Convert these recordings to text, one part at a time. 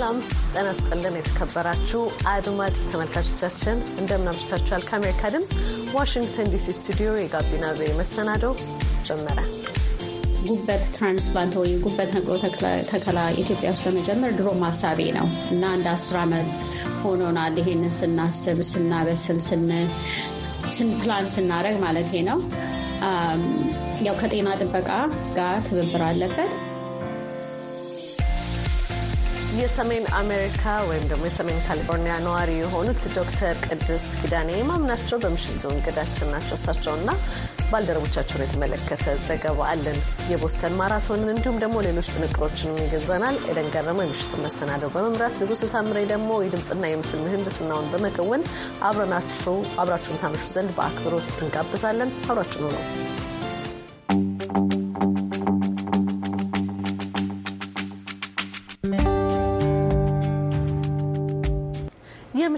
ሰላም ጤና ይስጥልን። የተከበራችሁ አድማጭ ተመልካቾቻችን እንደምን አምሽታችኋል? ከአሜሪካ ድምፅ ዋሽንግተን ዲሲ ስቱዲዮ የጋቢና ቤ መሰናዶ ጀመረ። ጉበት ትራንስፕላንት ወይ ጉበት ነቅሎ ተከላ ኢትዮጵያ ውስጥ ለመጀመር ድሮ ማሳቤ ነው እና እንደ አስር ዓመት ሆኖናል። ይሄንን ስናስብ ስናበስል ስንፕላን ስናደረግ ማለት ነው። ያው ከጤና ጥበቃ ጋር ትብብር አለበት የሰሜን አሜሪካ ወይም ደግሞ የሰሜን ካሊፎርኒያ ነዋሪ የሆኑት ዶክተር ቅድስት ኪዳኔ ማምናቸው በምሽቱ እንግዳችን ናቸው። እሳቸውና ባልደረቦቻቸውን የተመለከተ ዘገባ አለን። የቦስተን ማራቶንን እንዲሁም ደግሞ ሌሎች ጥንቅሮችን ይገዛናል። ኤደን ገረመው የምሽቱ መሰናደው በመምራት ንጉሱ ታምሬ ደግሞ የድምፅና የምስል ምህንድስናውን በመከወን አብራችሁን ታመሹ ዘንድ በአክብሮት እንጋብዛለን። አብራችሁን ነው።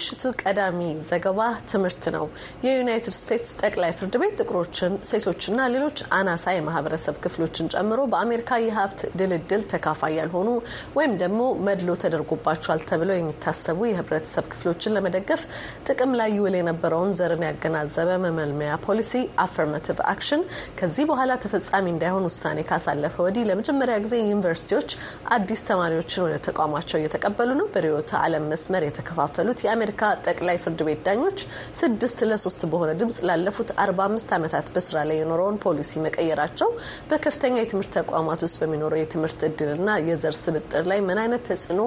የምሽቱ ቀዳሚ ዘገባ ትምህርት ነው። የዩናይትድ ስቴትስ ጠቅላይ ፍርድ ቤት ጥቁሮችን፣ ሴቶችና ሌሎች አናሳ የማህበረሰብ ክፍሎችን ጨምሮ በአሜሪካ የሀብት ድልድል ተካፋይ ያልሆኑ ወይም ደግሞ መድሎ ተደርጎባቸዋል ተብለው የሚታሰቡ የህብረተሰብ ክፍሎችን ለመደገፍ ጥቅም ላይ ይውል የነበረውን ዘርን ያገናዘበ መመልመያ ፖሊሲ አፈርማቲቭ አክሽን ከዚህ በኋላ ተፈጻሚ እንዳይሆን ውሳኔ ካሳለፈ ወዲህ ለመጀመሪያ ጊዜ ዩኒቨርሲቲዎች አዲስ ተማሪዎችን ወደ ተቋማቸው እየተቀበሉ ነው። በርዕዮተ ዓለም መስመር የተከፋፈሉት የአሜሪካ የአሜሪካ ጠቅላይ ፍርድ ቤት ዳኞች ስድስት ለሶስት በሆነ ድምጽ ላለፉት አርባ አምስት ዓመታት በስራ ላይ የኖረውን ፖሊሲ መቀየራቸው በከፍተኛ የትምህርት ተቋማት ውስጥ በሚኖረው የትምህርት እድልና የዘር ስብጥር ላይ ምን አይነት ተጽዕኖ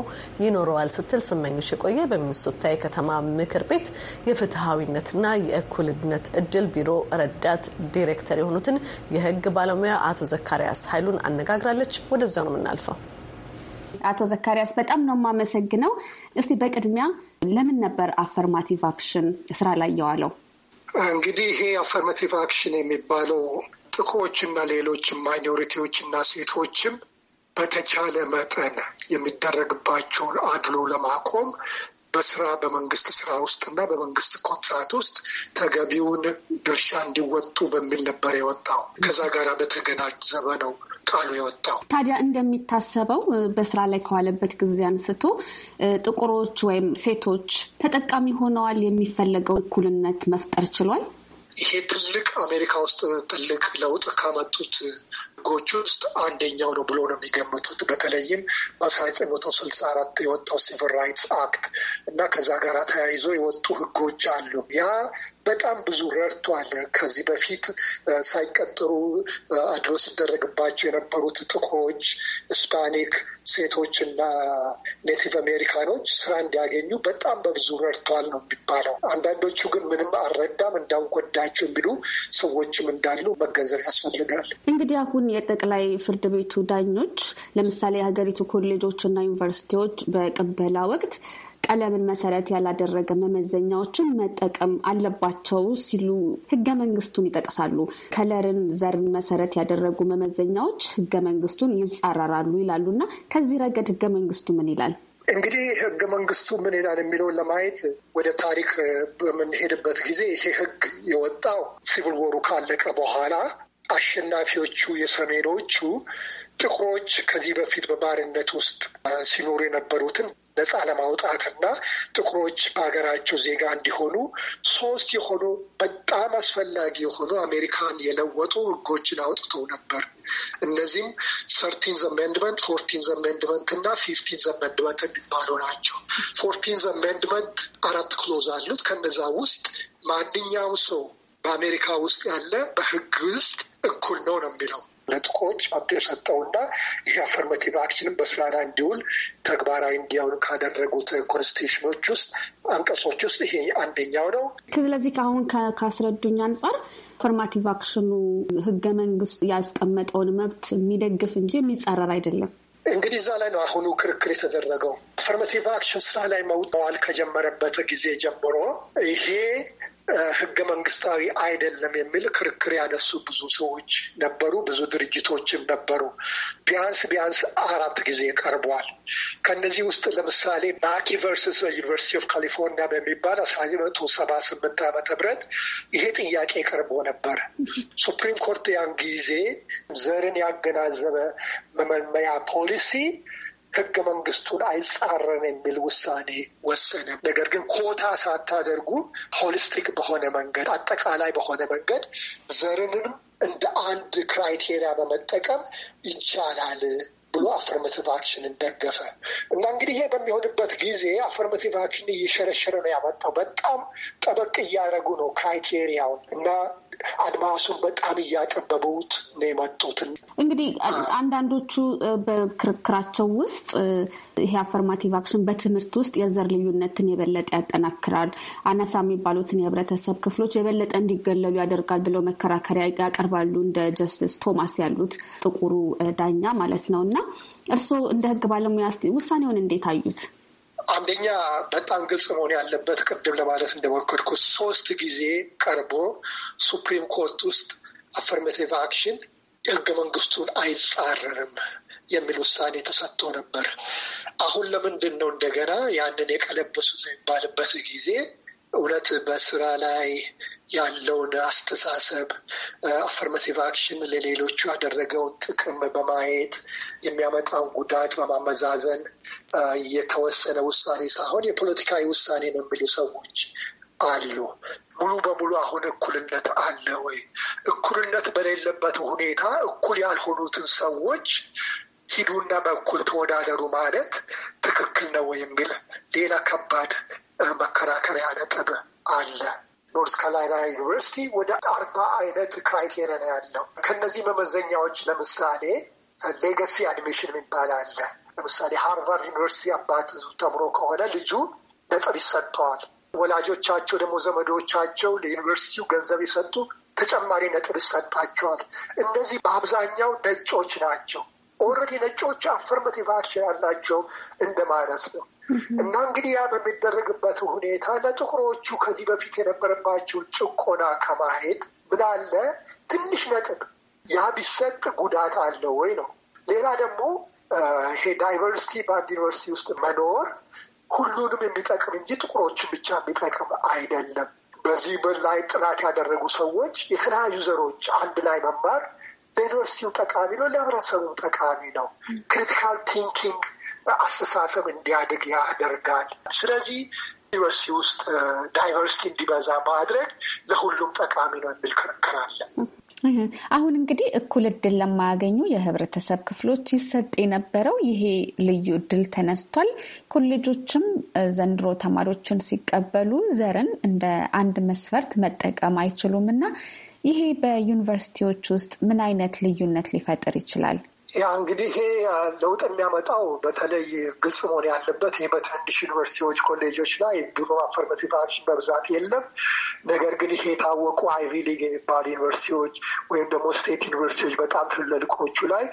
ይኖረዋል ስትል ስመኝሽ የቆየ በሚኒሶታ የከተማ ምክር ቤት የፍትሐዊነትና የእኩልነት እድል ቢሮ ረዳት ዲሬክተር የሆኑትን የህግ ባለሙያ አቶ ዘካሪያስ ኃይሉን አነጋግራለች። ወደዛ ነው የምናልፈው። አቶ ዘካርያስ በጣም ነው የማመሰግነው። እስቲ በቅድሚያ ለምን ነበር አፈርማቲቭ አክሽን ስራ ላይ የዋለው? እንግዲህ ይሄ አፈርማቲቭ አክሽን የሚባለው ጥቁሮችና ሌሎችም ማይኖሪቲዎችና ሴቶችም በተቻለ መጠን የሚደረግባቸውን አድሎ ለማቆም በስራ በመንግስት ስራ ውስጥ እና በመንግስት ኮንትራት ውስጥ ተገቢውን ድርሻ እንዲወጡ በሚል ነበር የወጣው። ከዛ ጋር በተገናዘበ ነው ቃሉ የወጣው። ታዲያ እንደሚታሰበው በስራ ላይ ከዋለበት ጊዜ አንስቶ ጥቁሮች ወይም ሴቶች ተጠቃሚ ሆነዋል። የሚፈለገው እኩልነት መፍጠር ችሏል። ይሄ ትልቅ አሜሪካ ውስጥ ትልቅ ለውጥ ካመጡት ህጎች ውስጥ አንደኛው ነው ብሎ ነው የሚገምቱት። በተለይም በአስራ ዘጠኝ መቶ ስልሳ አራት የወጣው ሲቪል ራይትስ አክት እና ከዛ ጋር ተያይዞ የወጡ ህጎች አሉ። ያ በጣም ብዙ ረድቷል። ከዚህ በፊት ሳይቀጥሩ አድሮ ሲደረግባቸው የነበሩት ጥቁሮች፣ ስፓኒክ ሴቶች እና ኔቲቭ አሜሪካኖች ስራ እንዲያገኙ በጣም በብዙ ረድተዋል ነው የሚባለው። አንዳንዶቹ ግን ምንም አልረዳም እንዳሁን ጎዳቸው የሚሉ ሰዎችም እንዳሉ መገንዘብ ያስፈልጋል። እንግዲህ አሁን የጠቅላይ ፍርድ ቤቱ ዳኞች ለምሳሌ የሀገሪቱ ኮሌጆች እና ዩኒቨርሲቲዎች በቅበላ ወቅት ቀለምን መሰረት ያላደረገ መመዘኛዎችን መጠቀም አለባቸው ሲሉ ህገ መንግስቱን ይጠቅሳሉ። ከለርን፣ ዘርን መሰረት ያደረጉ መመዘኛዎች ህገ መንግስቱን ይጻረራሉ ይላሉ እና ከዚህ ረገድ ህገ መንግስቱ ምን ይላል? እንግዲህ ህገ መንግስቱ ምን ይላል የሚለውን ለማየት ወደ ታሪክ በምንሄድበት ጊዜ ይሄ ህግ የወጣው ሲቪል ወሩ ካለቀ በኋላ አሸናፊዎቹ የሰሜኖቹ ጥቁሮች ከዚህ በፊት በባርነት ውስጥ ሲኖሩ የነበሩትን ነጻ ለማውጣትና ጥቁሮች በሀገራቸው ዜጋ እንዲሆኑ ሶስት የሆኑ በጣም አስፈላጊ የሆኑ አሜሪካን የለወጡ ህጎችን አውጥተው ነበር። እነዚህም ሰርቲን አሜንድመንት፣ ፎርቲን አሜንድመንት እና ፊፍቲን አሜንድመንት የሚባሉ ናቸው። ፎርቲን አሜንድመንት አራት ክሎዝ አሉት። ከነዛ ውስጥ ማንኛውም ሰው በአሜሪካ ውስጥ ያለ በህግ ውስጥ እኩል ነው ነው የሚለው ነጥቆች መብት የሰጠውና ይህ አፈርማቲቭ አክሽን በስራ ላይ እንዲውል ተግባራዊ እንዲያውን ካደረጉት ኮንስቲቱሽኖች ውስጥ አንቀጾች ውስጥ ይሄ አንደኛው ነው። ስለዚህ ከአሁን ካስረዱኝ አንጻር አፈርማቲቭ አክሽኑ ህገ መንግስቱ ያስቀመጠውን መብት የሚደግፍ እንጂ የሚጻረር አይደለም። እንግዲህ እዛ ላይ ነው አሁኑ ክርክር የተደረገው። አፈርማቲቭ አክሽን ስራ ላይ መዋል ከጀመረበት ጊዜ ጀምሮ ይሄ ህገ መንግስታዊ አይደለም የሚል ክርክር ያነሱ ብዙ ሰዎች ነበሩ፣ ብዙ ድርጅቶችም ነበሩ። ቢያንስ ቢያንስ አራት ጊዜ ቀርቧል። ከነዚህ ውስጥ ለምሳሌ ባኪ ቨርስስ ዩኒቨርሲቲ ኦፍ ካሊፎርኒያ በሚባል አስራ ዘጠኝ መቶ ሰባ ስምንት ዓመተ ምህረት ይሄ ጥያቄ ቀርቦ ነበር። ሱፕሪም ኮርት ያን ጊዜ ዘርን ያገናዘበ መመልመያ ፖሊሲ ህገ መንግስቱን አይጻረን የሚል ውሳኔ ወሰነ። ነገር ግን ኮታ ሳታደርጉ ሆሊስቲክ በሆነ መንገድ አጠቃላይ በሆነ መንገድ ዘርንም እንደ አንድ ክራይቴሪያ በመጠቀም ይቻላል ብሎ አፈርማቲቭ አክሽንን ደገፈ እና እንግዲህ ይሄ በሚሆንበት ጊዜ አፈርማቲቭ አክሽን እየሸረሸረ ነው ያመጣው። በጣም ጠበቅ እያደረጉ ነው ክራይቴሪያውን እና አድማሱን በጣም እያጠበቡት ነው የመጡትን። እንግዲህ አንዳንዶቹ በክርክራቸው ውስጥ ይሄ አፈርማቲቭ አክሽን በትምህርት ውስጥ የዘር ልዩነትን የበለጠ ያጠናክራል፣ አነሳ የሚባሉትን የህብረተሰብ ክፍሎች የበለጠ እንዲገለሉ ያደርጋል ብለው መከራከሪያ ያቀርባሉ። እንደ ጀስትስ ቶማስ ያሉት ጥቁሩ ዳኛ ማለት ነው እና እርስዎ እንደ ህግ ባለሙያ ውሳኔውን እንዴት አዩት? አንደኛ በጣም ግልጽ መሆን ያለበት ቅድም ለማለት እንደሞከርኩት ሶስት ጊዜ ቀርቦ ሱፕሪም ኮርት ውስጥ አፈርሜቲቭ አክሽን የህገ መንግስቱን አይጻረርም የሚል ውሳኔ ተሰጥቶ ነበር። አሁን ለምንድን ነው እንደገና ያንን የቀለበሱት የሚባልበት ጊዜ እውነት በስራ ላይ ያለውን አስተሳሰብ አፈርማቲቭ አክሽን ለሌሎቹ ያደረገውን ጥቅም በማየት የሚያመጣውን ጉዳት በማመዛዘን የተወሰነ ውሳኔ ሳይሆን የፖለቲካዊ ውሳኔ ነው የሚሉ ሰዎች አሉ። ሙሉ በሙሉ አሁን እኩልነት አለ ወይ? እኩልነት በሌለበት ሁኔታ እኩል ያልሆኑትን ሰዎች ሂዱና በእኩል ተወዳደሩ ማለት ትክክል ነው የሚል ሌላ ከባድ መከራከሪያ ነጥብ አለ። ኖርስ ካሮላይና ዩኒቨርሲቲ ወደ አርባ አይነት ክራይቴሪያ ነው ያለው። ከነዚህ መመዘኛዎች ለምሳሌ ሌገሲ አድሚሽን የሚባል አለ። ለምሳሌ ሃርቫርድ ዩኒቨርሲቲ አባት ተምሮ ከሆነ ልጁ ነጥብ ይሰጠዋል። ወላጆቻቸው ደግሞ ዘመዶቻቸው ለዩኒቨርሲቲው ገንዘብ ይሰጡ ተጨማሪ ነጥብ ይሰጣቸዋል። እነዚህ በአብዛኛው ነጮች ናቸው። ኦልሬዲ ነጮች አፈርማቲቭ አክሽን ያላቸው እንደማለት ነው። እና እንግዲህ ያ በሚደረግበት ሁኔታ ለጥቁሮቹ ከዚህ በፊት የነበረባቸው ጭቆና ከማሄድ ብላለ ትንሽ ነጥብ ያ ቢሰጥ ጉዳት አለ ወይ ነው። ሌላ ደግሞ ይሄ ዳይቨርሲቲ በአንድ ዩኒቨርሲቲ ውስጥ መኖር ሁሉንም የሚጠቅም እንጂ ጥቁሮችን ብቻ የሚጠቅም አይደለም። በዚህ ላይ ጥናት ያደረጉ ሰዎች የተለያዩ ዘሮች አንድ ላይ መማር ለዩኒቨርሲቲው ጠቃሚ ነው፣ ለህብረተሰቡ ጠቃሚ ነው። ክሪቲካል ቲንኪንግ አስተሳሰብ እንዲያድግ ያደርጋል። ስለዚህ ዩኒቨርሲቲ ውስጥ ዳይቨርሲቲ እንዲበዛ ማድረግ ለሁሉም ጠቃሚ ነው የሚል ክርክር አለ። አሁን እንግዲህ እኩል እድል ለማያገኙ የህብረተሰብ ክፍሎች ይሰጥ የነበረው ይሄ ልዩ እድል ተነስቷል። ኮሌጆችም ዘንድሮ ተማሪዎችን ሲቀበሉ ዘርን እንደ አንድ መስፈርት መጠቀም አይችሉም እና ይሄ በዩኒቨርሲቲዎች ውስጥ ምን አይነት ልዩነት ሊፈጥር ይችላል? ያ እንግዲህ ይሄ ለውጥ የሚያመጣው በተለይ ግልጽ መሆን ያለበት ይህ በትንሽ ዩኒቨርሲቲዎች፣ ኮሌጆች ላይ ድሮ አፈርማቲቭ አክሽን በብዛት የለም። ነገር ግን ይሄ የታወቁ አይቪ ሊግ የሚባሉ ዩኒቨርሲቲዎች ወይም ደግሞ ስቴት ዩኒቨርሲቲዎች በጣም ትልልቆቹ ላይ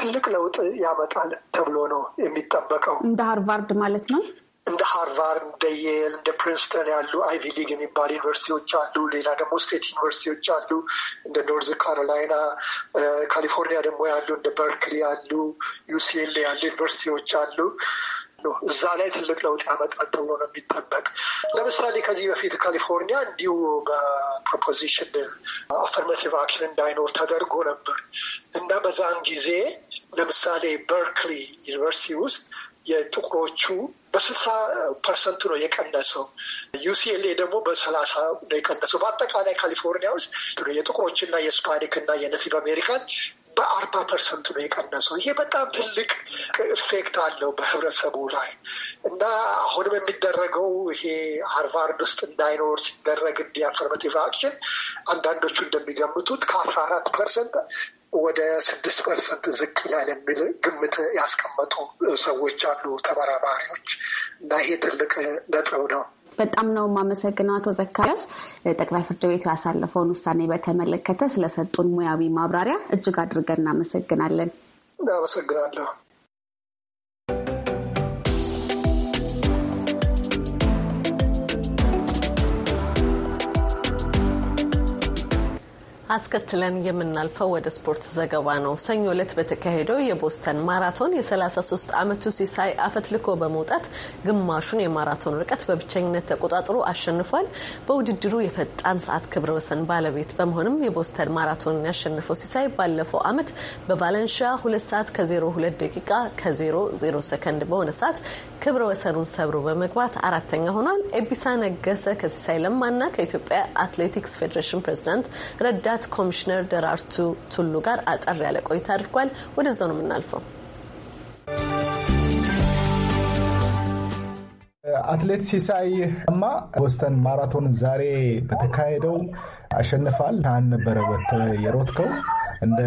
ትልቅ ለውጥ ያመጣል ተብሎ ነው የሚጠበቀው እንደ ሃርቫርድ ማለት ነው። እንደ ሃርቫርድ፣ እንደ የል፣ እንደ ፕሪንስተን ያሉ አይቪ ሊግ የሚባል ዩኒቨርሲቲዎች አሉ። ሌላ ደግሞ ስቴት ዩኒቨርሲቲዎች አሉ። እንደ ኖርዝ ካሮላይና፣ ካሊፎርኒያ ደግሞ ያሉ እንደ በርክሊ ያሉ፣ ዩሲኤል ያሉ ዩኒቨርሲቲዎች አሉ። እዛ ላይ ትልቅ ለውጥ ያመጣል ተብሎ ነው የሚጠበቅ። ለምሳሌ ከዚህ በፊት ካሊፎርኒያ እንዲሁ በፕሮፖዚሽን አፈርማቲቭ አክሽን እንዳይኖር ተደርጎ ነበር እና በዛን ጊዜ ለምሳሌ በርክሊ ዩኒቨርሲቲ ውስጥ የጥቁሮቹ በስልሳ ፐርሰንት ነው የቀነሰው። ዩሲኤልኤ ደግሞ በሰላሳ ነው የቀነሰው። በአጠቃላይ ካሊፎርኒያ ውስጥ የጥቁሮችና የስፓኒክና የነቲቭ አሜሪካን በአርባ ፐርሰንት ነው የቀነሰው። ይሄ በጣም ትልቅ ኢፌክት አለው በህብረተሰቡ ላይ እና አሁንም የሚደረገው ይሄ ሃርቫርድ ውስጥ እንዳይኖር ሲደረግ እንዲ አፈርማቲቭ አክሽን አንዳንዶቹ እንደሚገምቱት ከአስራ አራት ፐርሰንት ወደ ስድስት ፐርሰንት ዝቅ ይላል የሚል ግምት ያስቀመጡ ሰዎች አሉ፣ ተመራማሪዎች እና ይሄ ትልቅ ነጥብ ነው። በጣም ነው የማመሰግነው አቶ ዘካሪያስ ጠቅላይ ፍርድ ቤቱ ያሳለፈውን ውሳኔ በተመለከተ ስለሰጡን ሙያዊ ማብራሪያ እጅግ አድርገን እናመሰግናለን። እናመሰግናለሁ። አስከትለን የምናልፈው ወደ ስፖርት ዘገባ ነው። ሰኞ ዕለት በተካሄደው የቦስተን ማራቶን የ33 ዓመቱ ሲሳይ አፈትልኮ በመውጣት ግማሹን የማራቶን ርቀት በብቸኝነት ተቆጣጥሮ አሸንፏል። በውድድሩ የፈጣን ሰዓት ክብረ ወሰን ባለቤት በመሆንም የቦስተን ማራቶንን ያሸንፈው ሲሳይ ባለፈው ዓመት በቫለንሺያ 2 ሰዓት ከ02 ደቂቃ ከ00 ሰከንድ በሆነ ሰዓት ክብረ ወሰኑን ሰብሮ በመግባት አራተኛ ሆኗል። ኤቢሳ ነገሰ ከሲሳይ ለማና ከኢትዮጵያ አትሌቲክስ ፌዴሬሽን ፕሬዚዳንት ረዳት ኮሚሽነር ደራርቱ ቱሉ ጋር አጠር ያለ ቆይታ አድርጓል። ወደዛው ነው የምናልፈው። አትሌት ሲሳይ ማ ቦስተን ማራቶን ዛሬ በተካሄደው አሸንፋል። ታን ነበረበት የሮትከው እንደ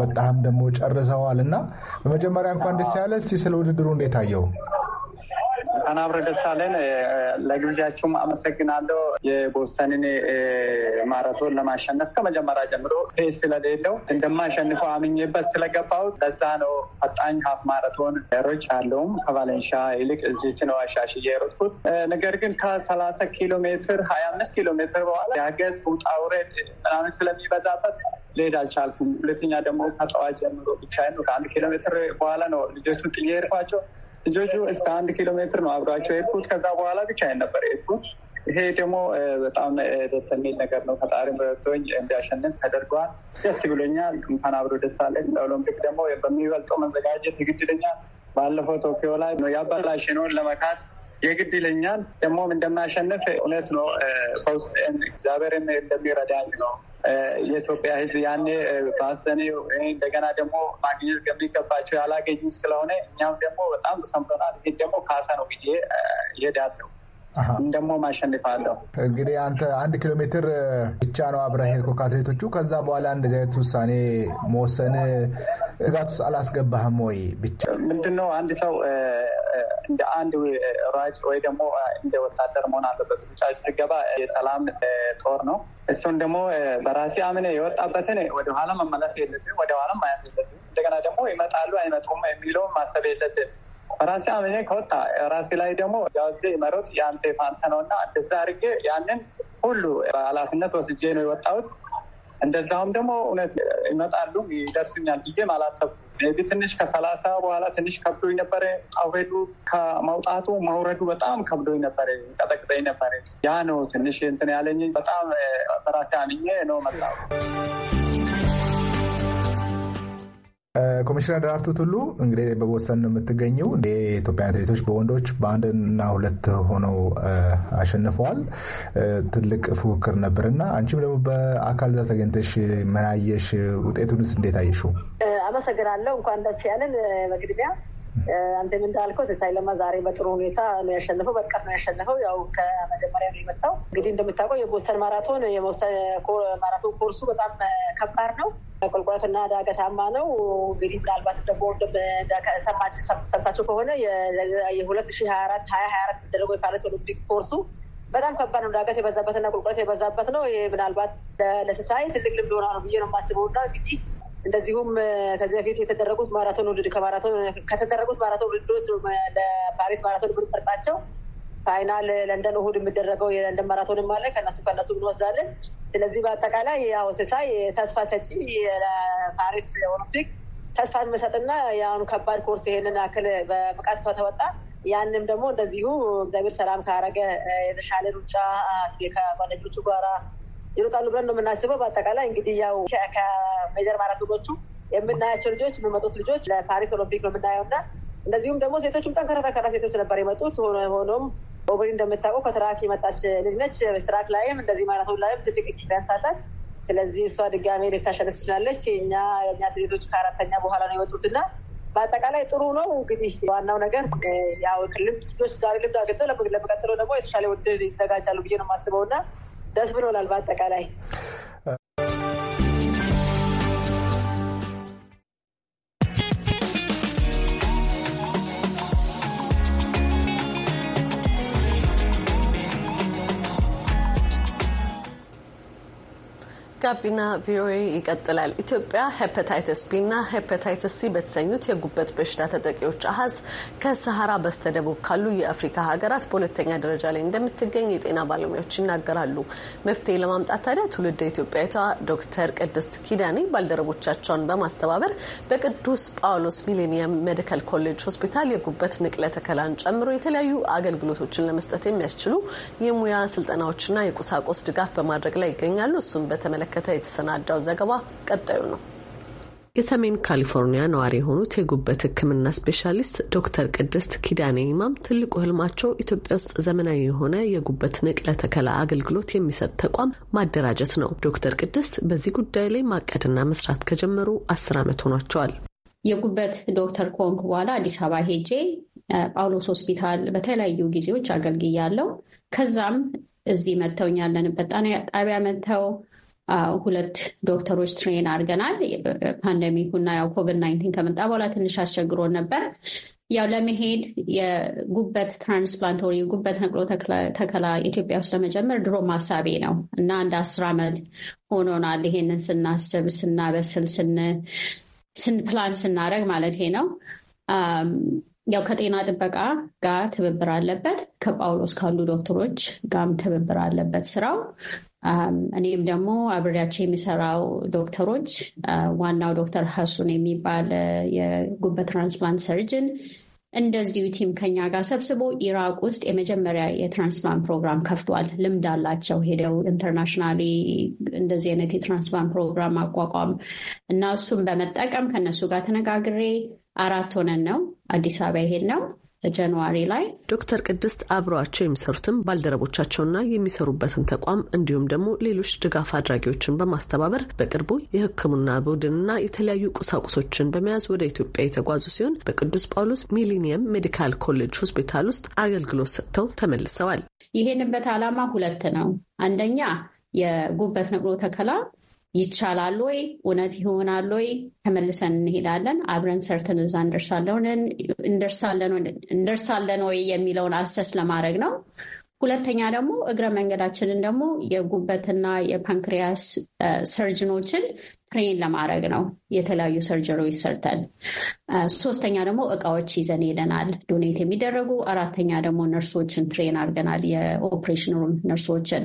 ወጣህም ደግሞ ጨርሰዋል እና በመጀመሪያ እንኳን ደስ ያለ። እስቲ ስለ ውድድሩ እንዴት አየው? ጣና አብረ ደሳለን ለግብዣችሁም አመሰግናለሁ። የቦስተንን ማራቶን ለማሸነፍ ከመጀመሪያ ጀምሮ ፔስ ስለሌለው እንደማሸንፈው አምኜበት ስለገባው ለዛ ነው ፈጣኝ ሀፍ ማራቶን ሮጭ አለውም ከቫለንሻ ይልቅ እዚች ነው አሻሽዬ የሮጥኩት። ነገር ግን ከሰላሳ ኪሎ ሜትር ሀያ አምስት ኪሎ ሜትር በኋላ ያገት ውጣ ውረድ ምናምን ስለሚበዛበት ልሄድ አልቻልኩም። ሁለተኛ ደግሞ ከጠዋት ጀምሮ ብቻዬን ከአንድ ኪሎ ሜትር በኋላ ነው ልጆቹን ጥዬ ሄድኳቸው። ልጆቹ እስከ አንድ ኪሎ ሜትር ነው አብሯቸው የሄድኩት። ከዛ በኋላ ብቻዬን ነበር የሄድኩት። ይሄ ደግሞ በጣም ደስ የሚል ነገር ነው። ፈጣሪ በረቶኝ እንዲያሸንፍ ተደርጓል። ደስ ብሎኛል። እንኳን አብሮ ደስ አለን። ለኦሎምፒክ ደግሞ በሚበልጠው መዘጋጀት ይግድለኛል። ባለፈው ቶኪዮ ላይ ያበላሽነውን ለመካስ የግድ ይለኛል። ደግሞም እንደማያሸንፍ እውነት ነው። ከውስጥ እግዚአብሔርን እንደሚረዳኝ ነው የኢትዮጵያ ሕዝብ ያኔ ባዘኔ እንደገና ደግሞ ማግኘት ከሚገባቸው ያላገኙ ስለሆነ እኛም ደግሞ በጣም ተሰምቶናል። ይህ ደግሞ ካሳ ነው ብዬ ይሄዳለሁ። ደግሞ ማሸንፋለሁ። እንግዲህ አንተ አንድ ኪሎ ሜትር ብቻ ነው አብረህ ሄድኮ ከአትሌቶቹ። ከዛ በኋላ እንደዚህ አይነት ውሳኔ መወሰን እጋት ውስጥ አላስገባህም ወይ? ብቻ ምንድን ነው አንድ ሰው እንደ አንድ ሯጭ ወይ ደግሞ እንደ ወታደር መሆን አለበት። ሩጫ ስገባ የሰላም ጦር ነው። እሱን ደግሞ በራሴ አምኔ የወጣበትን ወደኋላ መመለስ የለብን፣ ወደኋላ ማየት የለብን። እንደገና ደግሞ ይመጣሉ አይመጡም የሚለውን ማሰብ የለብን። በራሲ አምኔ ከወጣ ራሴ ላይ ደግሞ ጃዜ መሮጥ የአንተ ፋንተ ነው እና እንደዛ አድርጌ ያንን ሁሉ በኃላፊነት ወስጄ ነው የወጣሁት። እንደዛውም ደግሞ እውነት ይመጣሉ ይደርሱኛል ብዬ ማላሰብ ቤቢ ትንሽ ከሰላሳ በኋላ ትንሽ ከብዶኝ ነበረ። አውሬዱ ከመውጣቱ መውረዱ በጣም ከብዶኝ ነበረ፣ ቀጠቅጠኝ ነበረ። ያ ነው ትንሽ እንትን ያለኝ። በጣም በራሴ አምኜ ነው መጣሁ። ኮሚሽነር ደራርቱ ቱሉ እንግዲህ በቦስተን ነው የምትገኘው። የኢትዮጵያ አትሌቶች በወንዶች በአንድና ሁለት ሆነው አሸንፈዋል። ትልቅ ፉክክር ነበር እና አንቺም ደግሞ በአካል እዛ ተገኝተሽ ምን አየሽ? ውጤቱንስ እንዴት አየሽው? አመሰግናለሁ። እንኳን ደስ ያለን። በቅድሚያ አንተም እንዳልከው ሲሳይ ለማ ዛሬ በጥሩ ሁኔታ ነው ያሸነፈው፣ በርቀት ነው ያሸነፈው። ያው ከመጀመሪያ ነው የመጣው። እንግዲህ እንደምታውቀው የቦስተን ማራቶን የቦስተን ማራቶን ኮርሱ በጣም ከባድ ነው፣ ቁልቁለትና ዳገታማ ነው። እንግዲህ ምናልባት ደግሞ ሰምታቸው ከሆነ የሁለት ሺህ ሀያ አራት ሀያ ሀያ አራት የሚደረገው የፓሪስ ኦሎምፒክ ኮርሱ በጣም ከባድ ነው። ዳገት የበዛበትና ቁልቁለት የበዛበት ነው። ይሄ ምናልባት ለሲሳይ ትልቅ ልምድ ሆና ነው ብዬ ነው የማስበው እና እንግዲህ እንደዚሁም ከዚህ በፊት የተደረጉት ማራቶን ውድድ ከማራቶን ከተደረጉት ማራቶን ውድድሮች ለፓሪስ ማራቶን ብንመርጣቸው ፋይናል ለንደን እሁድ የሚደረገው የለንደን ማራቶን አለ። ከነሱ ከነሱ እንወስዳለን። ስለዚህ በአጠቃላይ ያወስሳ ተስፋ ሰጪ ለፓሪስ ኦሎምፒክ ተስፋ የሚሰጥና ያሁኑ ከባድ ኮርስ ይሄንን አክል በብቃት ከተወጣ ያንም ደግሞ እንደዚሁ እግዚአብሔር ሰላም ካረገ የተሻለ ሩጫ ከጓደኞቹ ጋራ ይሮጣሉ ብለን ነው የምናስበው። በአጠቃላይ እንግዲህ ያው ከሜጀር ማራቶኖቹ የምናያቸው ልጆች የሚመጡት ልጆች ለፓሪስ ኦሎምፒክ ነው የምናየው እና እንደዚሁም ደግሞ ሴቶችም ጠንከራ ጠንከራ ሴቶች ነበር የመጡት። ሆኖም ኦብሪ እንደምታውቀው ከትራክ የመጣች ልጅ ነች። ትራክ ላይም እንደዚህ ማራቶን ላይም ትልቅ ኤክስፔሪያንስ አላት። ስለዚህ እሷ ድጋሜ ልታሸነፍ ትችላለች። እኛ የእኛ አትሌቶች ከአራተኛ በኋላ ነው የመጡት እና በአጠቃላይ ጥሩ ነው። እንግዲህ ዋናው ነገር ያው ልምድ ልጆች ዛሬ ልምድ አግኝተው ለሚቀጥለው ደግሞ የተሻለ ውድድር ይዘጋጃሉ ብዬ ነው የማስበው እና ደስ ብሎናል። በአጠቃላይ ጋቢና ቪኦኤ ይቀጥላል። ኢትዮጵያ ሄፐታይተስ ቢና እና ሄፐታይተስ ሲ በተሰኙት የጉበት በሽታ ተጠቂዎች አሀዝ ከሰሐራ በስተደቡብ ካሉ የአፍሪካ ሀገራት በሁለተኛ ደረጃ ላይ እንደምትገኝ የጤና ባለሙያዎች ይናገራሉ። መፍትሄ ለማምጣት ታዲያ ትውልደ ኢትዮጵያዊቷ ዶክተር ቅድስት ኪዳኔ ባልደረቦቻቸውን በማስተባበር በቅዱስ ጳውሎስ ሚሌኒየም ሜዲካል ኮሌጅ ሆስፒታል የጉበት ንቅለ ተከላን ጨምሮ የተለያዩ አገልግሎቶችን ለመስጠት የሚያስችሉ የሙያ ስልጠናዎችና የቁሳቁስ ድጋፍ በማድረግ ላይ ይገኛሉ። እሱም በተመለከተ በተመለከተ የተሰናዳው ዘገባ ቀጣዩ ነው። የሰሜን ካሊፎርኒያ ነዋሪ የሆኑት የጉበት ሕክምና ስፔሻሊስት ዶክተር ቅድስት ኪዳኔ ኢማም ትልቁ ህልማቸው ኢትዮጵያ ውስጥ ዘመናዊ የሆነ የጉበት ንቅለ ተከላ አገልግሎት የሚሰጥ ተቋም ማደራጀት ነው። ዶክተር ቅድስት በዚህ ጉዳይ ላይ ማቀድና መስራት ከጀመሩ አስር ዓመት ሆኗቸዋል። የጉበት ዶክተር ኮንክ በኋላ አዲስ አበባ ሄጄ ጳውሎስ ሆስፒታል በተለያዩ ጊዜዎች አገልግያለሁ። ከዛም እዚህ መጥተው እኛ ያለንበት ጣቢያ መጥተው ሁለት ዶክተሮች ትሬን አድርገናል። ፓንደሚኩና ያው ኮቪድ ናይንቲን ከመጣ በኋላ ትንሽ አስቸግሮ ነበር። ያው ለመሄድ የጉበት ትራንስፕላንት ወር የጉበት ነቅሎ ተከላ ኢትዮጵያ ውስጥ ለመጀመር ድሮ ማሳቤ ነው እና አንድ አስር ዓመት ሆኖናል። ይሄንን ስናስብ ስናበስል፣ ፕላን ስናደርግ ማለት ነው። ያው ከጤና ጥበቃ ጋር ትብብር አለበት፣ ከጳውሎስ ካሉ ዶክተሮች ጋርም ትብብር አለበት ስራው እኔም ደግሞ አብሬያቸው የሚሰራው ዶክተሮች ዋናው ዶክተር ሀሱን የሚባል የጉበት ትራንስፕላንት ሰርጅን እንደዚሁ ቲም ከኛ ጋር ሰብስቦ ኢራቅ ውስጥ የመጀመሪያ የትራንስፕላንት ፕሮግራም ከፍቷል። ልምድ አላቸው። ሄደው ኢንተርናሽናሊ እንደዚህ አይነት የትራንስፕላንት ፕሮግራም አቋቋም እና እሱም በመጠቀም ከነሱ ጋር ተነጋግሬ አራት ሆነን ነው አዲስ አበባ ይሄድ ነው ጃንዋሪ ላይ ዶክተር ቅድስት አብረዋቸው የሚሰሩትን ባልደረቦቻቸውና የሚሰሩበትን ተቋም እንዲሁም ደግሞ ሌሎች ድጋፍ አድራጊዎችን በማስተባበር በቅርቡ የሕክምና ቡድንና የተለያዩ ቁሳቁሶችን በመያዝ ወደ ኢትዮጵያ የተጓዙ ሲሆን በቅዱስ ጳውሎስ ሚሊኒየም ሜዲካል ኮሌጅ ሆስፒታል ውስጥ አገልግሎት ሰጥተው ተመልሰዋል። ይሄንበት ዓላማ ሁለት ነው። አንደኛ የጉበት ነቅሎ ተከላ ይቻላል ወይ? እውነት ይሆናል ወይ? ተመልሰን እንሄዳለን፣ አብረን ሰርተን እዛ እንደርሳለን ወይ የሚለውን አሰስ ለማድረግ ነው። ሁለተኛ ደግሞ እግረ መንገዳችንን ደግሞ የጉበትና የፓንክሪያስ ሰርጅኖችን ትሬን ለማድረግ ነው። የተለያዩ ሰርጀሪዎች ሰርተን፣ ሶስተኛ ደግሞ እቃዎች ይዘን ሄደናል፣ ዶኔት የሚደረጉ አራተኛ ደግሞ ነርሶችን ትሬን አድርገናል፣ የኦፕሬሽን ሩም ነርሶችን።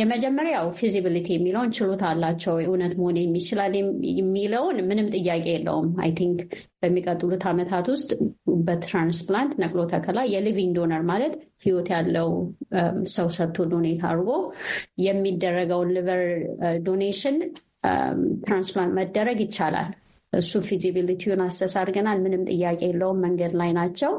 የመጀመሪያው ፊዚቢሊቲ የሚለውን ችሎታ አላቸው እውነት መሆን የሚችላል የሚለውን ምንም ጥያቄ የለውም። አይ ቲንክ በሚቀጥሉት ዓመታት ውስጥ በትራንስፕላንት ነቅሎ ተከላ የሊቪንግ ዶነር ማለት ህይወት ያለው ሰው ሰጥቶ ዶኔት አድርጎ የሚደረገውን ሊቨር ዶኔሽን ትራንስፕላንት መደረግ ይቻላል። እሱ ፊዚቢሊቲውን አሰስ አድርገናል። ምንም ጥያቄ የለውም። መንገድ ላይ ናቸው።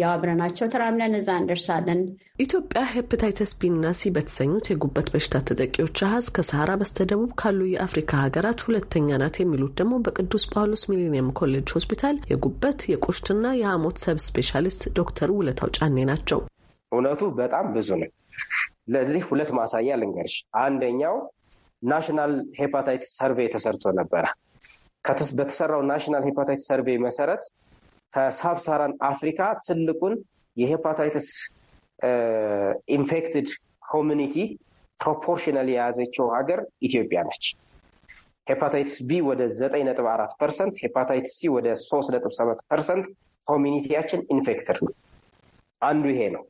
ያው አብረናቸው ተራምለን እዛ እንደርሳለን። ኢትዮጵያ ሄፕታይተስ ቢና ሲ በተሰኙት የጉበት በሽታ ተጠቂዎች አሀዝ ከሰሃራ በስተደቡብ ካሉ የአፍሪካ ሀገራት ሁለተኛ ናት የሚሉት ደግሞ በቅዱስ ጳውሎስ ሚሊኒየም ኮሌጅ ሆስፒታል የጉበት የቆሽትና የሐሞት ሰብ ስፔሻሊስት ዶክተር ውለታው ጫኔ ናቸው። እውነቱ በጣም ብዙ ነው። ለዚህ ሁለት ማሳያ ልንገርሽ። አንደኛው ናሽናል ሄፓታይትስ ሰርቬይ ተሰርቶ ነበረ። በተሰራው ናሽናል ሄፓታይትስ ሰርቬይ መሰረት ከሳብሳራን አፍሪካ ትልቁን የሄፓታይትስ ኢንፌክትድ ኮሚኒቲ ፕሮፖርሽናል የያዘችው ሀገር ኢትዮጵያ ነች። ሄፓታይትስ ቢ ወደ ዘጠኝ ነጥብ አራት ፐርሰንት፣ ሄፓታይትስ ሲ ወደ ሶስት ነጥብ ሰባት ፐርሰንት ኮሚኒቲያችን ኢንፌክትድ ነው። አንዱ ይሄ ነው።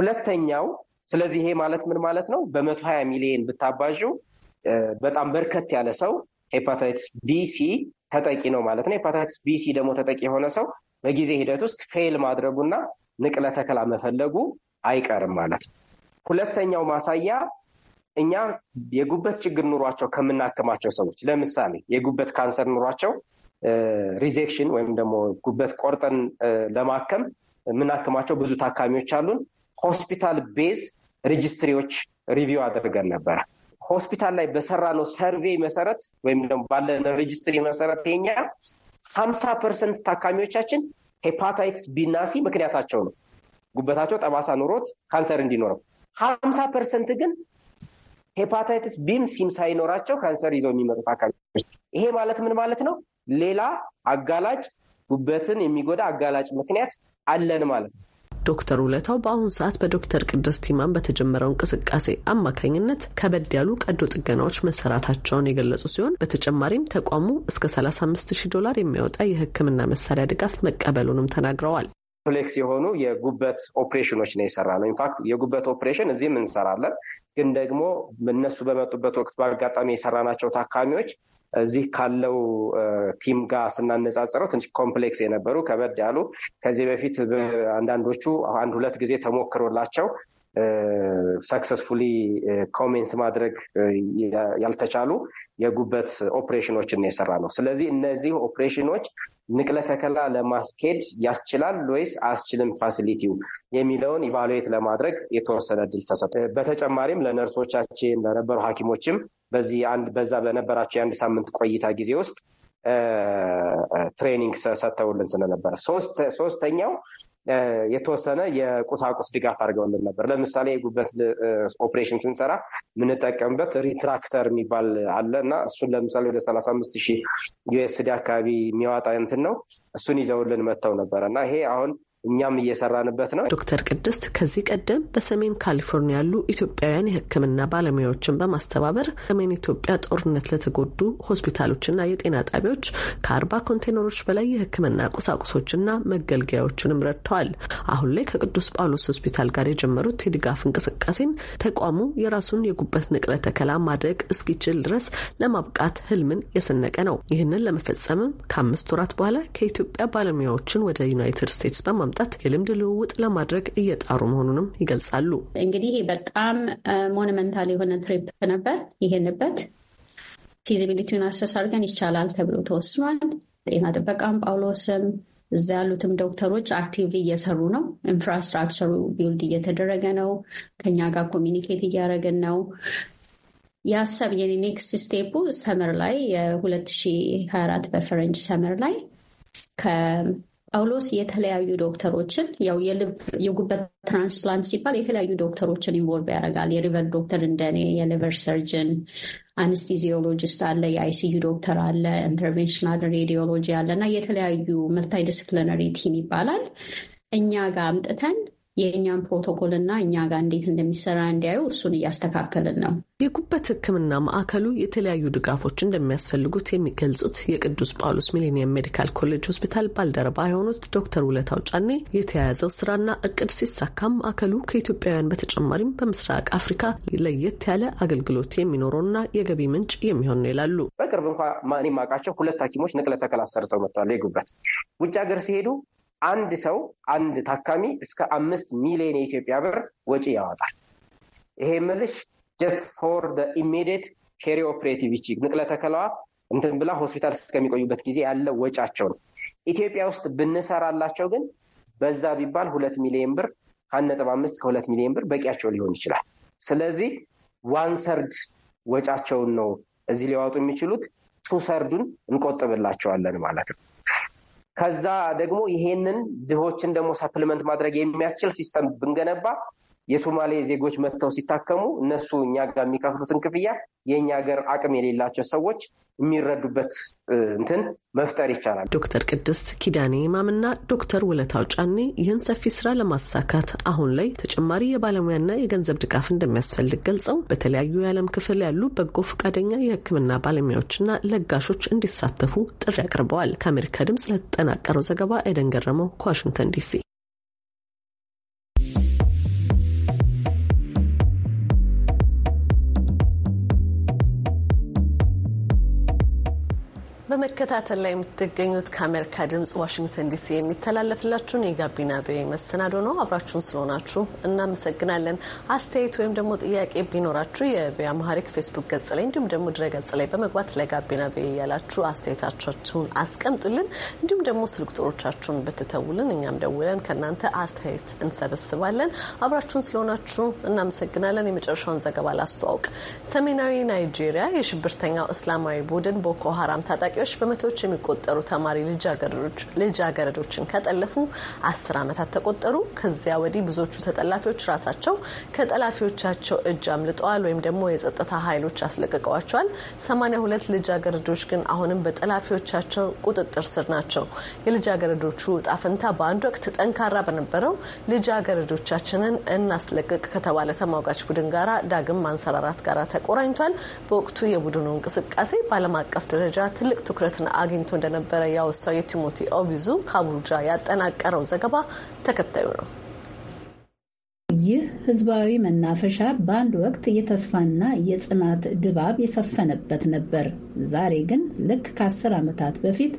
ሁለተኛው ስለዚህ ይሄ ማለት ምን ማለት ነው? በመቶ ሀያ ሚሊየን ብታባዥው በጣም በርከት ያለ ሰው ሄፓታይትስ ቢሲ ተጠቂ ነው ማለት ነው። ሄፓታይትስ ቢሲ ደግሞ ተጠቂ የሆነ ሰው በጊዜ ሂደት ውስጥ ፌል ማድረጉና ንቅለ ተከላ መፈለጉ አይቀርም ማለት ነው። ሁለተኛው ማሳያ እኛ የጉበት ችግር ኑሯቸው ከምናክማቸው ሰዎች ለምሳሌ የጉበት ካንሰር ኑሯቸው ሪዜክሽን ወይም ደግሞ ጉበት ቆርጠን ለማከም የምናክማቸው ብዙ ታካሚዎች አሉን። ሆስፒታል ቤዝ ሬጅስትሪዎች ሪቪው አድርገን ነበረ። ሆስፒታል ላይ በሰራ ነው ሰርቬይ መሰረት ወይም ደግሞ ባለን ሬጅስትሪ መሰረት የኛ ሀምሳ ፐርሰንት ታካሚዎቻችን ሄፓታይትስ ቢናሲ ምክንያታቸው ነው ጉበታቸው ጠባሳ ኑሮት ካንሰር እንዲኖረው። ሀምሳ ፐርሰንት ግን ሄፓታይትስ ቢም ሲም ሳይኖራቸው ካንሰር ይዘው የሚመጡ ታካሚዎች። ይሄ ማለት ምን ማለት ነው? ሌላ አጋላጭ ጉበትን የሚጎዳ አጋላጭ ምክንያት አለን ማለት ነው። ዶክተር ውለታው በአሁኑ ሰዓት በዶክተር ቅድስ ቲማን በተጀመረው እንቅስቃሴ አማካኝነት ከበድ ያሉ ቀዶ ጥገናዎች መሰራታቸውን የገለጹ ሲሆን በተጨማሪም ተቋሙ እስከ 350 ዶላር የሚያወጣ የሕክምና መሳሪያ ድጋፍ መቀበሉንም ተናግረዋል። ኮምፕሌክስ የሆኑ የጉበት ኦፕሬሽኖች ነው የሰራ ነው። ኢንፋክት የጉበት ኦፕሬሽን እዚህም እንሰራለን፣ ግን ደግሞ እነሱ በመጡበት ወቅት በአጋጣሚ ናቸው ታካሚዎች እዚህ ካለው ቲም ጋር ስናነጻጽረው ትንሽ ኮምፕሌክስ የነበሩ ከበድ ያሉ ከዚህ በፊት አንዳንዶቹ አንድ ሁለት ጊዜ ተሞክሮላቸው ሰክሰስፉሊ ኮሜንስ ማድረግ ያልተቻሉ የጉበት ኦፕሬሽኖችን የሰራ ነው። ስለዚህ እነዚህ ኦፕሬሽኖች ንቅለ ተከላ ለማስኬድ ያስችላል ወይስ አያስችልም ፋሲሊቲው የሚለውን ኢቫሉዌት ለማድረግ የተወሰነ እድል ተሰጥቶ በተጨማሪም ለነርሶቻችን ለነበሩ ሐኪሞችም በዚህ በዛ በነበራቸው የአንድ ሳምንት ቆይታ ጊዜ ውስጥ ትሬኒንግ ሰጥተውልን ስለነበረ፣ ሶስተኛው የተወሰነ የቁሳቁስ ድጋፍ አድርገውልን ነበር። ለምሳሌ የጉበት ኦፕሬሽን ስንሰራ የምንጠቀምበት ሪትራክተር የሚባል አለ እና እሱን ለምሳሌ ወደ ሰላሳ አምስት ሺህ ዩኤስዲ አካባቢ የሚያወጣ እንትን ነው። እሱን ይዘውልን መጥተው ነበር እና ይሄ አሁን እኛም እየሰራንበት ነው። ዶክተር ቅድስት ከዚህ ቀደም በሰሜን ካሊፎርኒያ ያሉ ኢትዮጵያውያን የሕክምና ባለሙያዎችን በማስተባበር ሰሜን ኢትዮጵያ ጦርነት ለተጎዱ ሆስፒታሎችና የጤና ጣቢያዎች ከአርባ ኮንቴነሮች በላይ የሕክምና ቁሳቁሶችና መገልገያዎችንም ረድተዋል። አሁን ላይ ከቅዱስ ጳውሎስ ሆስፒታል ጋር የጀመሩት የድጋፍ እንቅስቃሴን ተቋሙ የራሱን የጉበት ንቅለ ተከላ ማድረግ እስኪችል ድረስ ለማብቃት ህልምን የሰነቀ ነው። ይህንን ለመፈጸምም ከአምስት ወራት በኋላ ከኢትዮጵያ ባለሙያዎችን ወደ ዩናይትድ ስቴትስ በማ ለማምጣት የልምድ ልውውጥ ለማድረግ እየጣሩ መሆኑንም ይገልጻሉ። እንግዲህ በጣም ሞኑመንታል የሆነ ትሪፕ ነበር። ይሄንበት ፊዚቢሊቲውን አሰስ ይቻላል ተብሎ ተወስኗል። ጤና ጥበቃም ጳውሎስም እዛ ያሉትም ዶክተሮች አክቲቭሊ እየሰሩ ነው። ኢንፍራስትራክቸሩ ቢውልድ እየተደረገ ነው። ከኛ ጋር ኮሚኒኬት እያደረግን ነው። ያሰብ የኔ ኔክስት ስቴፑ ሰመር ላይ የ2024 በፈረንጅ ሰመር ላይ ጳውሎስ የተለያዩ ዶክተሮችን ያው የልብ የጉበት ትራንስፕላንት ሲባል የተለያዩ ዶክተሮችን ኢንቮልቭ ያደርጋል። የሪቨር ዶክተር እንደኔ፣ የሊቨር ሰርጅን፣ አንስቲዚዮሎጂስት አለ፣ የአይሲዩ ዶክተር አለ፣ ኢንተርቬንሽናል ሬዲዮሎጂ አለ እና የተለያዩ ዲስፕሊነሪ ቲም ይባላል። እኛ ጋር አምጥተን የእኛን ፕሮቶኮል እና እኛ ጋር እንዴት እንደሚሰራ እንዲያዩ እሱን እያስተካከልን ነው። የጉበት ሕክምና ማዕከሉ የተለያዩ ድጋፎች እንደሚያስፈልጉት የሚገልጹት የቅዱስ ጳውሎስ ሚሌኒየም ሜዲካል ኮሌጅ ሆስፒታል ባልደረባ የሆኑት ዶክተር ውለታው ጫኔ የተያያዘው ስራና እቅድ ሲሳካ ማዕከሉ ከኢትዮጵያውያን በተጨማሪም በምስራቅ አፍሪካ ለየት ያለ አገልግሎት የሚኖረውና የገቢ ምንጭ የሚሆን ነው ይላሉ። በቅርብ እንኳ ማን ማውቃቸው ሁለት ሐኪሞች ንቅለ ተከላ ሰርተው መጥተዋል። የጉበት ውጭ ሀገር ሲሄዱ አንድ ሰው አንድ ታካሚ እስከ አምስት ሚሊዮን የኢትዮጵያ ብር ወጪ ያወጣል። ይሄ ምልሽ ጀስት ፎር ኢሚዲየት ፔሪ ኦፕሬቲቭ ይቺ ንቅለ ተከላዋ እንትን ብላ ሆስፒታል እስከሚቆዩበት ጊዜ ያለ ወጫቸው ነው። ኢትዮጵያ ውስጥ ብንሰራላቸው ግን በዛ ቢባል ሁለት ሚሊዮን ብር ከአንድ ነጥብ አምስት ከሁለት ሚሊዮን ብር በቂያቸው ሊሆን ይችላል። ስለዚህ ዋን ሰርድ ወጫቸውን ነው እዚህ ሊያወጡ የሚችሉት። ቱ ሰርዱን እንቆጥብላቸዋለን ማለት ነው። ከዛ ደግሞ ይሄንን ድሆችን ደግሞ ሰፕልመንት ማድረግ የሚያስችል ሲስተም ብንገነባ የሶማሌ ዜጎች መጥተው ሲታከሙ እነሱ እኛ ጋር የሚከፍሉትን ክፍያ የእኛ ሀገር አቅም የሌላቸው ሰዎች የሚረዱበት እንትን መፍጠር ይቻላል። ዶክተር ቅድስት ኪዳኔ ማምና ዶክተር ውለታው ጫኔ ይህን ሰፊ ስራ ለማሳካት አሁን ላይ ተጨማሪ የባለሙያና የገንዘብ ድጋፍ እንደሚያስፈልግ ገልጸው በተለያዩ የዓለም ክፍል ያሉ በጎ ፈቃደኛ የሕክምና ባለሙያዎችና ለጋሾች እንዲሳተፉ ጥሪ አቅርበዋል። ከአሜሪካ ድምጽ ለተጠናቀረው ዘገባ ኤደን ገረመው ከዋሽንግተን ዲሲ በመከታተል ላይ የምትገኙት ከአሜሪካ ድምጽ ዋሽንግተን ዲሲ የሚተላለፍላችሁን የጋቢና ቤ መሰናዶ ነው። አብራችሁን ስለሆናችሁ እናመሰግናለን። አስተያየት ወይም ደግሞ ጥያቄ ቢኖራችሁ የቪ አማሪክ ፌስቡክ ገጽ ላይ እንዲሁም ደግሞ ድረ ገጽ ላይ በመግባት ለጋቢና ቤ ያላችሁ አስተያየታችሁን አስቀምጡልን። እንዲሁም ደግሞ ስልክ ቁጥሮቻችሁን ብትተውልን እኛም ደውለን ከእናንተ አስተያየት እንሰበስባለን። አብራችሁን ስለሆናችሁ እናመሰግናለን። የመጨረሻውን ዘገባ ላስተዋውቅ። ሰሜናዊ ናይጄሪያ የሽብርተኛው እስላማዊ ቡድን ቦኮ ሀራም ታጣቂዎች ወላጆች በመቶዎች የሚቆጠሩ ተማሪ ልጃገረዶችን ከጠለፉ አስር ዓመታት ተቆጠሩ። ከዚያ ወዲህ ብዙዎቹ ተጠላፊዎች ራሳቸው ከጠላፊዎቻቸው እጅ አምልጠዋል ወይም ደግሞ የጸጥታ ኃይሎች አስለቅቀዋቸዋል። ሰማኒያ ሁለት ልጃገረዶች ግን አሁንም በጠላፊዎቻቸው ቁጥጥር ስር ናቸው። የልጃገረዶቹ እጣ ፈንታ በአንድ ወቅት ጠንካራ በነበረው ልጃገረዶቻችንን እናስለቅቅ ከተባለ ተሟጋች ቡድን ጋራ ዳግም ማንሰራራት ጋራ ተቆራኝቷል። በወቅቱ የቡድኑ እንቅስቃሴ በዓለም አቀፍ ደረጃ ትልቅ ትኩረትን አግኝቶ እንደነበረ ያወሳው የቲሞቲ ኦቢዙ ከአቡጃ ያጠናቀረው ዘገባ ተከታዩ ነው። ይህ ህዝባዊ መናፈሻ በአንድ ወቅት የተስፋና የጽናት ድባብ የሰፈነበት ነበር። ዛሬ ግን ልክ ከ10 ዓመታት በፊት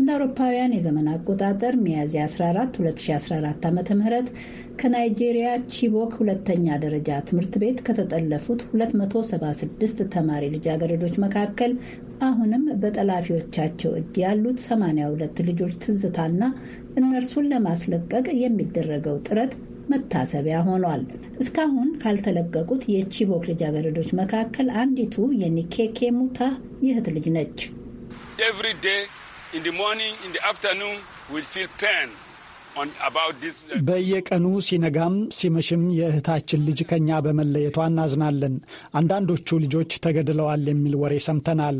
እንደ አውሮፓውያን የዘመን አቆጣጠር ሚያዝያ 14 2014 ዓ ም ከናይጄሪያ ቺቦክ ሁለተኛ ደረጃ ትምህርት ቤት ከተጠለፉት 276 ተማሪ ልጃገረዶች መካከል አሁንም በጠላፊዎቻቸው እጅ ያሉት 82 ልጆች ትዝታና እነርሱን ለማስለቀቅ የሚደረገው ጥረት መታሰቢያ ሆኗል። እስካሁን ካልተለቀቁት የቺቦክ ልጃገረዶች መካከል አንዲቱ የኒኬኬ ሙታ ይህት ልጅ ነች። uh, በየቀኑ ሲነጋም ሲመሽም የእህታችን ልጅ ከኛ በመለየቷ እናዝናለን። አንዳንዶቹ ልጆች ተገድለዋል የሚል ወሬ ሰምተናል።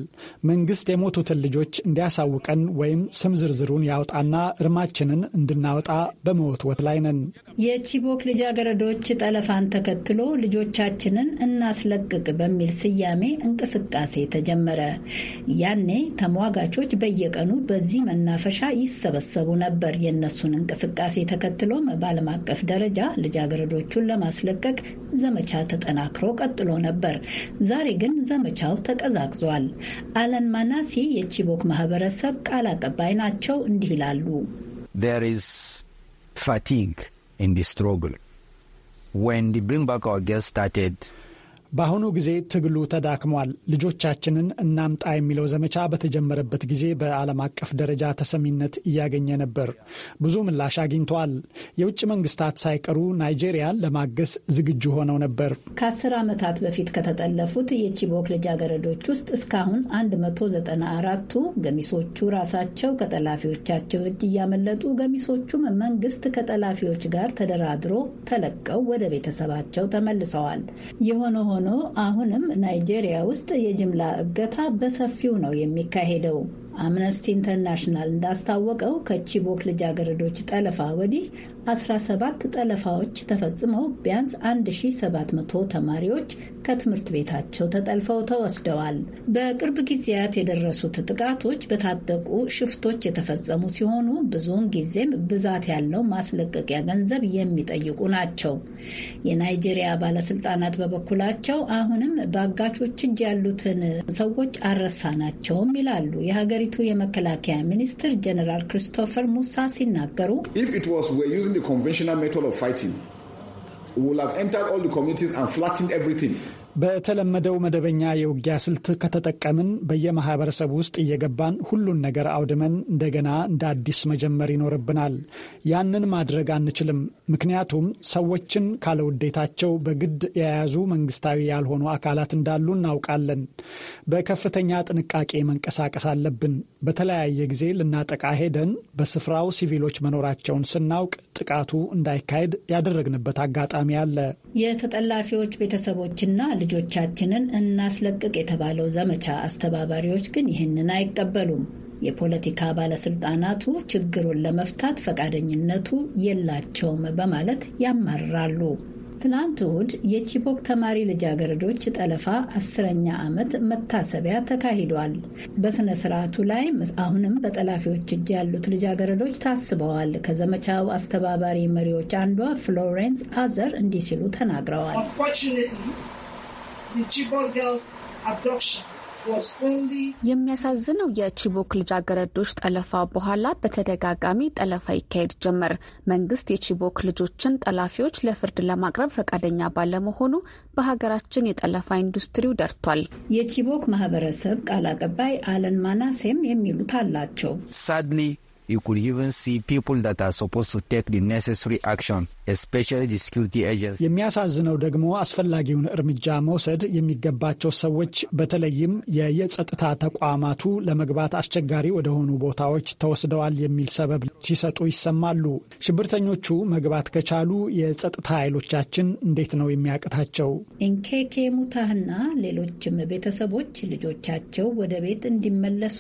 መንግሥት የሞቱትን ልጆች እንዲያሳውቀን ወይም ስም ዝርዝሩን ያውጣና እርማችንን እንድናወጣ በመወትወት ላይ ነን። የቺቦክ ልጃገረዶች ጠለፋን ተከትሎ ልጆቻችንን እናስለቅቅ በሚል ስያሜ እንቅስቃሴ ተጀመረ። ያኔ ተሟጋቾች በየቀኑ በዚህ መናፈሻ ይሰበሰቡ ነበር። የእነሱን እንቅስቃሴ ተከትሎም በዓለም አቀፍ ደረጃ ልጃገረዶቹን ለማስለቀቅ ዘመቻ ተጠናክሮ ቀጥሎ ነበር። ዛሬ ግን ዘመቻው ተቀዛቅዟል። አለን ማናሲ የቺቦክ ማህበረሰብ ቃል አቀባይ ናቸው። እንዲህ ይላሉ ፋቲግ in the struggle. When the Bring Back Our Girls started, በአሁኑ ጊዜ ትግሉ ተዳክሟል፣ ልጆቻችንን እናምጣ የሚለው ዘመቻ በተጀመረበት ጊዜ በዓለም አቀፍ ደረጃ ተሰሚነት እያገኘ ነበር። ብዙ ምላሽ አግኝተዋል። የውጭ መንግስታት ሳይቀሩ ናይጄሪያን ለማገስ ዝግጁ ሆነው ነበር። ከአስር ዓመታት በፊት ከተጠለፉት የቺቦክ ልጃገረዶች ውስጥ እስካሁን 194ቱ ገሚሶቹ ራሳቸው ከጠላፊዎቻቸው እጅ እያመለጡ፣ ገሚሶቹም መንግስት ከጠላፊዎች ጋር ተደራድሮ ተለቀው ወደ ቤተሰባቸው ተመልሰዋል። የሆነ ሆኖ ሆኖ አሁንም ናይጄሪያ ውስጥ የጅምላ እገታ በሰፊው ነው የሚካሄደው። አምነስቲ ኢንተርናሽናል እንዳስታወቀው ከቺቦክ ልጃገረዶች ጠለፋ ወዲህ 17 ጠለፋዎች ተፈጽመው ቢያንስ 1700 ተማሪዎች ከትምህርት ቤታቸው ተጠልፈው ተወስደዋል። በቅርብ ጊዜያት የደረሱት ጥቃቶች በታጠቁ ሽፍቶች የተፈጸሙ ሲሆኑ ብዙውን ጊዜም ብዛት ያለው ማስለቀቂያ ገንዘብ የሚጠይቁ ናቸው። የናይጄሪያ ባለስልጣናት በበኩላቸው አሁንም በአጋቾች እጅ ያሉትን ሰዎች አልረሳናቸውም ይላሉ። የሀገር የሀገሪቱ የመከላከያ ሚኒስትር ጀኔራል ክሪስቶፈር ሙሳ ሲናገሩ በተለመደው መደበኛ የውጊያ ስልት ከተጠቀምን በየማህበረሰቡ ውስጥ እየገባን ሁሉን ነገር አውድመን እንደገና እንደ አዲስ መጀመር ይኖርብናል። ያንን ማድረግ አንችልም። ምክንያቱም ሰዎችን ካለ ውዴታቸው በግድ የያዙ መንግስታዊ ያልሆኑ አካላት እንዳሉ እናውቃለን። በከፍተኛ ጥንቃቄ መንቀሳቀስ አለብን። በተለያየ ጊዜ ልናጠቃ ሄደን በስፍራው ሲቪሎች መኖራቸውን ስናውቅ ጥቃቱ እንዳይካሄድ ያደረግንበት አጋጣሚ አለ። የተጠላፊዎች ቤተሰቦችና ልጆቻችንን እናስለቅቅ የተባለው ዘመቻ አስተባባሪዎች ግን ይህንን አይቀበሉም። የፖለቲካ ባለስልጣናቱ ችግሩን ለመፍታት ፈቃደኝነቱ የላቸውም በማለት ያማርራሉ። ትናንት እሁድ የቺቦክ ተማሪ ልጃገረዶች ጠለፋ አስረኛ ዓመት መታሰቢያ ተካሂዷል። በሥነ ሥርዓቱ ላይ አሁንም በጠላፊዎች እጅ ያሉት ልጃገረዶች ታስበዋል። ከዘመቻው አስተባባሪ መሪዎች አንዷ ፍሎሬንስ አዘር እንዲህ ሲሉ ተናግረዋል። የሚያሳዝነው የቺቦክ ልጃገረዶች ጠለፋ በኋላ በተደጋጋሚ ጠለፋ ይካሄድ ጀመር። መንግስት የቺቦክ ልጆችን ጠላፊዎች ለፍርድ ለማቅረብ ፈቃደኛ ባለመሆኑ በሀገራችን የጠለፋ ኢንዱስትሪው ደርቷል። የቺቦክ ማህበረሰብ ቃል አቀባይ አለን ማናሴም የሚሉት አላቸው። you could even see people that are supposed to take the necessary action, especially the security agents. የሚያሳዝነው ደግሞ አስፈላጊውን እርምጃ መውሰድ የሚገባቸው ሰዎች በተለይም የየጸጥታ ተቋማቱ ለመግባት አስቸጋሪ ወደሆኑ ቦታዎች ተወስደዋል የሚል ሰበብ ሲሰጡ ይሰማሉ። ሽብርተኞቹ መግባት ከቻሉ የጸጥታ ኃይሎቻችን እንዴት ነው የሚያቅታቸው? ኢንኬኬ ሙታህና ሌሎችም ቤተሰቦች ልጆቻቸው ወደ ቤት እንዲመለሱ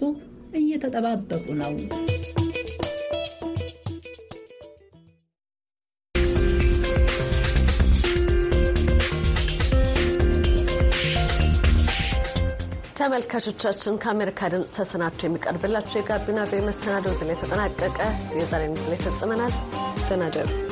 እየተጠባበቁ ነው። ተመልካቾቻችን ከአሜሪካ ድምፅ ተሰናድቶ የሚቀርብላቸው የጋቢና ቤ መሰናዶ እዚህ ላይ ተጠናቀቀ። የዛሬን እዚህ ላይ ፈጽመናል። ደህና እደሩ።